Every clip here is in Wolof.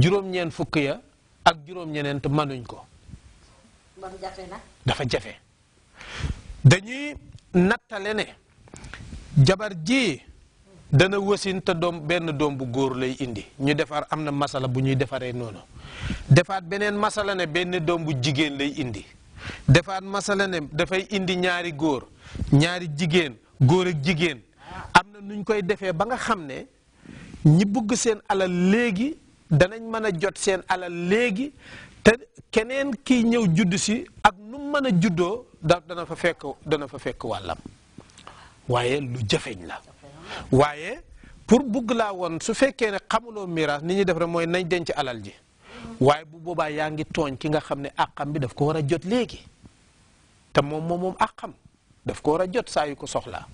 juróom-ñeent fukk ya ak juróom-ñeneent manuñ ko dafa jafe dañuy nattale ne jabar ji dana wasint doom benn doom bu góor lay indi ñu defar am na masala bu ñuy defaree noonu defaat beneen masala ne benn doom bu jigéen lay indi defaat masala ne dafay indi ñaari góor ñaari jigéen góor ak jigéen am na nuñ koy defee ba nga xam ne ñi bëgg seen alal léegi danañ mën a jot seen alal léegi te keneen kiy ñëw judd si ak nu mën a juddoo da dana fa fekk dana fa fekk wàllam waaye lu jafeñ la waaye pour bugg laa woon su fekkee ne xamuloo miraas ni ñuy def rek mooy nañ denc alal ji waaye bu boobaa yaa ngi tooñ ki nga xam ne àqam bi daf ko war a jot léegi te moom moom moom àqam daf ko war a jot saa yu ko soxla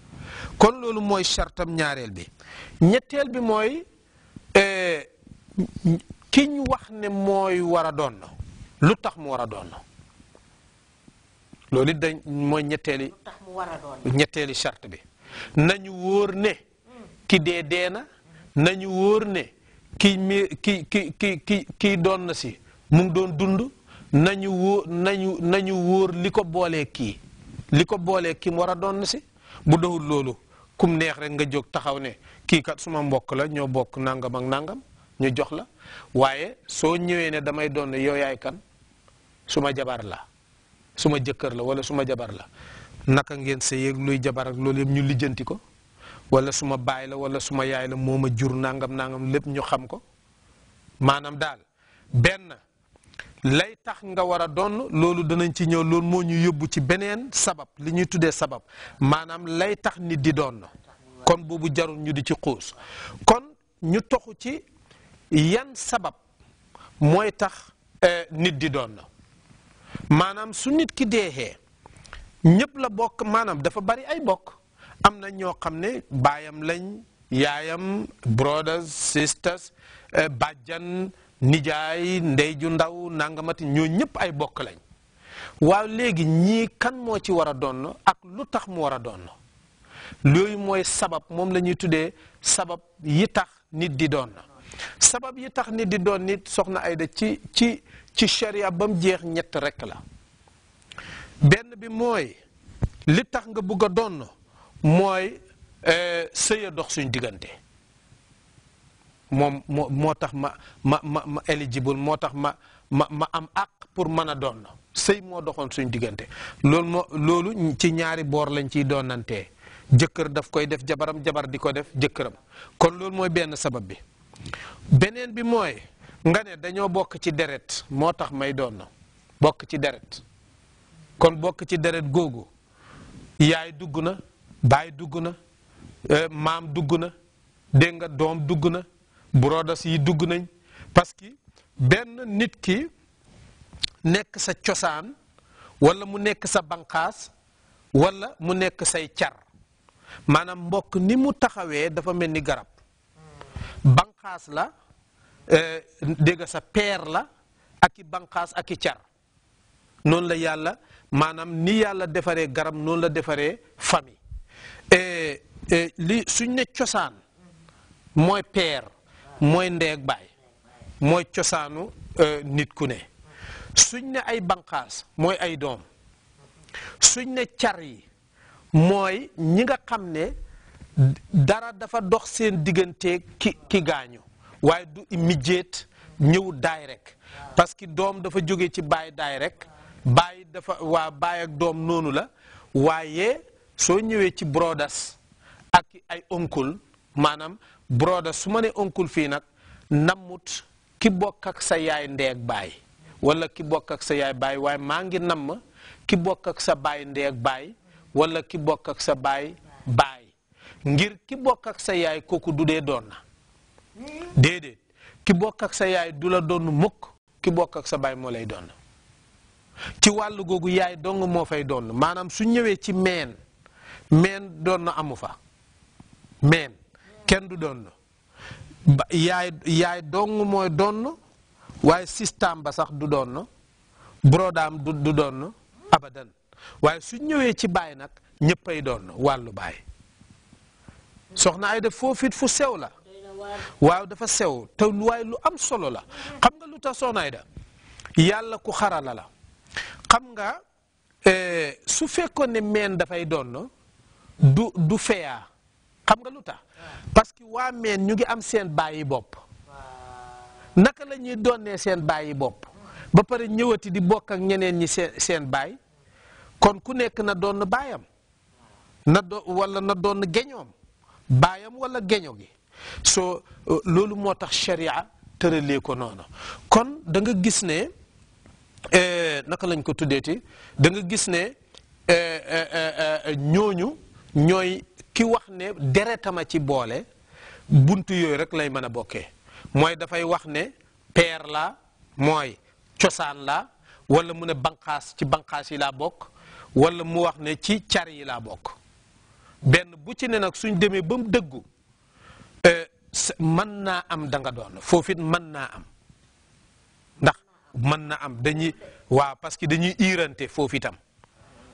kon loolu mooy sartam ñaareel bi ñetteel bi mooy eh, ki ñu wax ne mooy war a doon lu tax mu war a doon loolu it dañ mooy ñetteeli ñetteeli charte bi nañu wóor ne ki dee dee na nañu wóor ne ki mi ki ki ki ki kii doon na si mu ngi doon dund nañu wóor li ko boolee kii li ko boolee kii mu war a doon na si bu doxul loolu kum neex rek nga jóg taxaw ne kii kat suma mbokk la ñoo bokk nangam ak nangam ñu jox la waaye soo ñëwee ne damay doon yow yaay kan suma jabar la suma jëkkër la wala suma jabar la naka ngeen sa yéeg luy jabar ak loolu yëpp ñu lijjanti ko wala suma baay la wala suma yaay la moo ma jur nangam nangam lépp ñu xam ko maanaam daal benn lay tax nga war a doon loolu danañ ci ñëw loolu moo ñu yóbbu ci beneen sabab li ñuy tuddee sabab maanaam lay tax nit di doon kon boobu jarul ñu di ci xuus kon ñu toxu ci yan sabab mooy tax euh, nit di doon na maanaam su nit ki deexee ñëpp la bokk maanaam dafa bari ay bokk am na ñoo xam ne baayam lañ yaayam brothers sisters euh, bàjjan nijaay ndey ju ndaw nangamati ñoo ñëpp ay bokk lañ waaw léegi ñii kan moo ci war a doon ak lu tax mu war a doon loolu mooy sabab moom lañuy tuddee sabab yi tax nit di doon sabab yi tax nit di doon nit soxna ayda ci ci ci sharia bam jeex ñett rek la benn bi mooy li tax nga bëgg a doon mooy euh, sëya dox suñ diggante moom moo moo tax ma ma ma ma eligible moo tax ma ma ma am àq pour mën a doon sëy moo doxoon suñ diggante loolu moo loolu ci ñaari boor lañ ciy doonantee jëkkër daf koy def jabaram jabar di ko def jëkkëram kon loolu mooy benn sabab bi beneen bi mooy nga ne dañoo bokk ci deret moo tax may doon na bokk ci deret kon bokk ci deret googu yaay dugg na baay dugg na euh, maam dugg na dégg nga doom dugg na brodas yi dugg nañ parce que benn nit ki nekk sa cosaan wala mu nekk sa banqaas wala mu nekk say car maanaam mbokk ni mu taxawee dafa mel ni garab banqaas la eh, dégg sa peer la ak banqaas ak i noonu la yàlla maanaam ni yàlla defaree garab noonu la defaree famille eh, eh, li suñ ne cosaan mooy peer mooy ndeeg baay mooy cosaanu nit ku ne suñ ne ay banqaas mooy ay doom suñ ne car yi mooy ñi nga xam ne dara dafa dox seen diggante ki ki gaañu waaye du mijjeet ñëw daay rek parce que doom dafa jóge ci baay daay rek baay dafa waa baay ak doom noonu la waaye soo ñëwee ci brodas ak ay oncle maanaam brodas su ma ne oncle fii nag nammut ki bokk ak sa yaay ndeeg baay wala ki bokk ak sa yaay baay waaye maa ngi namm ki bokk ak sa baay ndeeg baay wala ki bokk ak sa baay baay ngir ki bokk ak sa yaay kooku du dee doon na déedéet ki bokk ak sa yaay du la doon mukk ki bokk ak sa baay moo lay doon ci wàll googu yaay dong moo fay doon maanaam su ñëwee ci meen meen doon na amu fa meen kenn du doon ba yaay mooy doon waaye système ba sax du doon brodaam du du doon abadan waaye su ñëwee ci baay nag ñëppay doon wàllu baay. soxna Ayda foofu fit fu sew la waaw dafa sew te waaye lu am solo la xam nga lu tax soxna Ayda yàlla ku xarala la xam nga eh, su fekkoon ne meen dafay doon du du feyaa xam nga lu tax parce que waa meen ñu ngi am seen bàyyi bopp naka la ñuy doonee seen bàyyi bopp ba pare ñëwati di bokk ak ñeneen ñi seen baay kon ku nekk na doon baayam na do wala na doon geñoom baayam wala geño gi soo uh, loolu moo tax sharia tëralee ko noonu kon da nga gis ne eh, naka lañ ko tuddeeti da nga gis ne eh, eh, ñooñu ñooy ki wax ne deretama ci boole bunt yooyu rek lay mën a bokkee mooy dafay wax ne peer la mooy cosaan la wala mu ne banqaas ci banqaas yi laa bokk wala mu wax ne ci car yi laa bokk benn bu ci ne nag suñ demee ba mu dëggu euh, mën naa am da nga doon foofu it mën naa am ndax mën na am dañuy waa parce que dañuy iirante foofu itam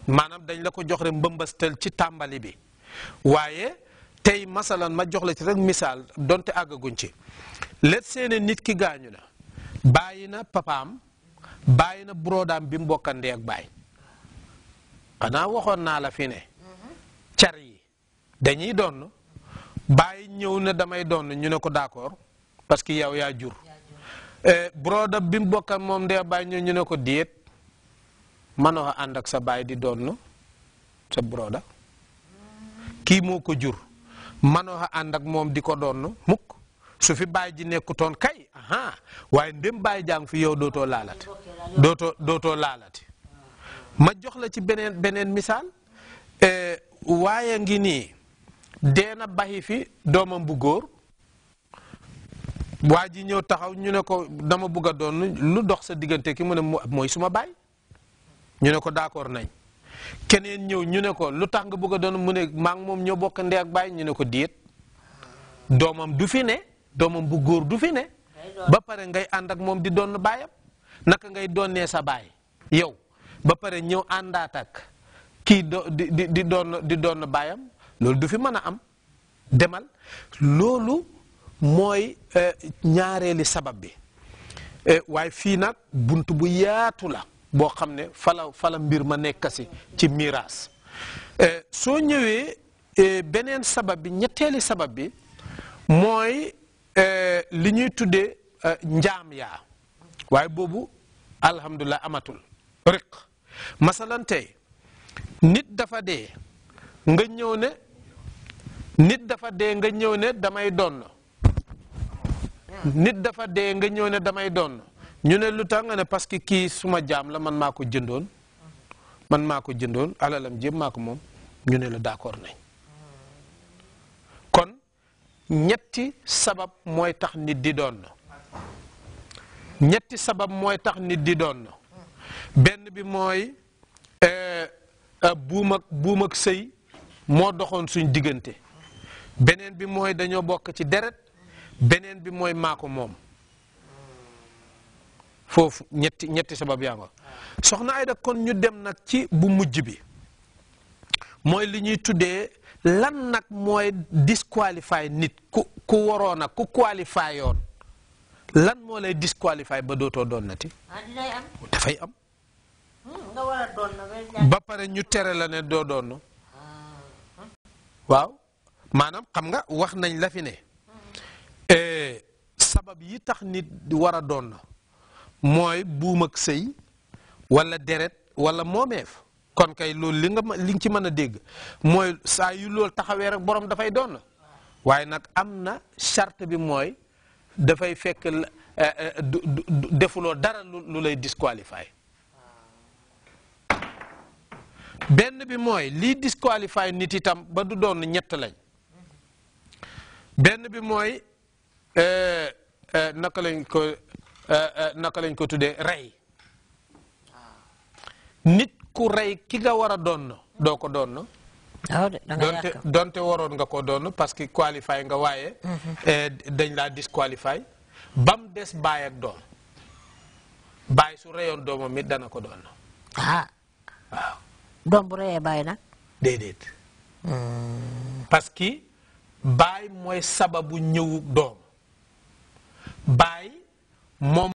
maanaam dañ la ko jox rek mbëmbastal ci tàmbali bi waaye tey masalan ma jox la ci rek misaal donte àggaguñ ci let seene nit ki gaañu na bàyyi na papaam bàyyi na brodaam bi mu bokkandee ak bàyyi xanaa waxoon naa la fi ne dañuy doon bàyyi ñëw na damay doon ñu ne ko d'accord parce que yow yaa jur eh, broda bi mu bokk moom ndee bàyyi ñëw ñu ne ko déet mënoo ànd ak sa baay di doon sa broda kii moo ko jur a ànd ak moom di ko doon mukk su fi baay ji nekkutoon kay aha waaye ndem baay jàng fi yow dootoo laalati ma jox la ci beneen beneen misaal eh, waaye ngi nii dena bahi domon fi domam bu hau waji ñew taxaw ñu ne ko dama bugg doon lu dox sa digante ki mu ne moy suma bay ñu ne ko d'accord nañ keneen ñew ñu ne ko lu tax nga bugg a doon mu ne ma ngi mom ñoo bokk ndee ak ñu ne ko diit domam du fi ne domam bu gor du fi ne ba pare ngay and ak mom di doon bayam nak ngay donné sa bay yow ba pare ñew andat ak ki di di di doon di doon bayam loolu du fi mën a am demal loolu mooy euh, ñaareeli sabab bi euh, waaye fii nag bunt bu yaatu la boo xam ne fa la fa la mbir ma nekk si ci mirage euh, soo ñëwee beneen sabab bi ñetteeli sabab bi mooy li ñuy tuddee njaam yaa waaye boobu alhamdulilah amatul riq masalan tey nit dafa dee nga ñëw ne nit dafa dee nga ñëw ne damay doon nit dafa dee nga ñëw ne damay doon ñu ne lu tax nga ne parce que kii suma jaam la man maa ko jëndoon man maa ko jëndoon alalam jéem maa ko moom ñu ne la d'accord nañ kon ñetti sabab mooy tax nit di doon ñetti sabab mooy tax nit di doon benn bi mooy eh, eh, buum ak sëy moo doxoon suñ diggante beneen bi mooy dañoo bokk ci deret beneen bi mooy maako moom foofu ñetti ñetti sabab yaa nga soxna Ayda kon ñu dem nag ci bu mujj bi mooy li ñuy tuddee lan nag mooy disqualify nit ku ku waroon a ku qualify lan moo lay disqualify ba dootoo doon nati ah, dafay am hmm, ba pare ñu tere la ne doo doon ah, hmm. waaw maanaam xam nga wax nañ la fi ne eh, sabab yi tax nit war a doon mooy buum ak sëy walla deret wala moomeef kon kay loolu li nga li nga ci mën a dégg mooy saa yu loolu taxawee rek boroom dafay doon waaye nag am na charte bi mooy dafay fekk eh, eh, defuloo dara lu lay disqualifié benn bi mooy lii disqualifié nit itam ba du doon ñett lañ benn bi mooy euh, euh, naka lañ ko euh, naka lañ ko tuddee rey nit ku rey ki nga war a doon doo ko doon donte waroon nga ko doon parce que qualifié nga waaye mhm. dañ laa disqualifié bam des baay ak doom baay su reyoon doomam it dana ko doon ah. doom bu reyee baay nag déedéet hmm. baay mooy sababu ñëwu doom baay moom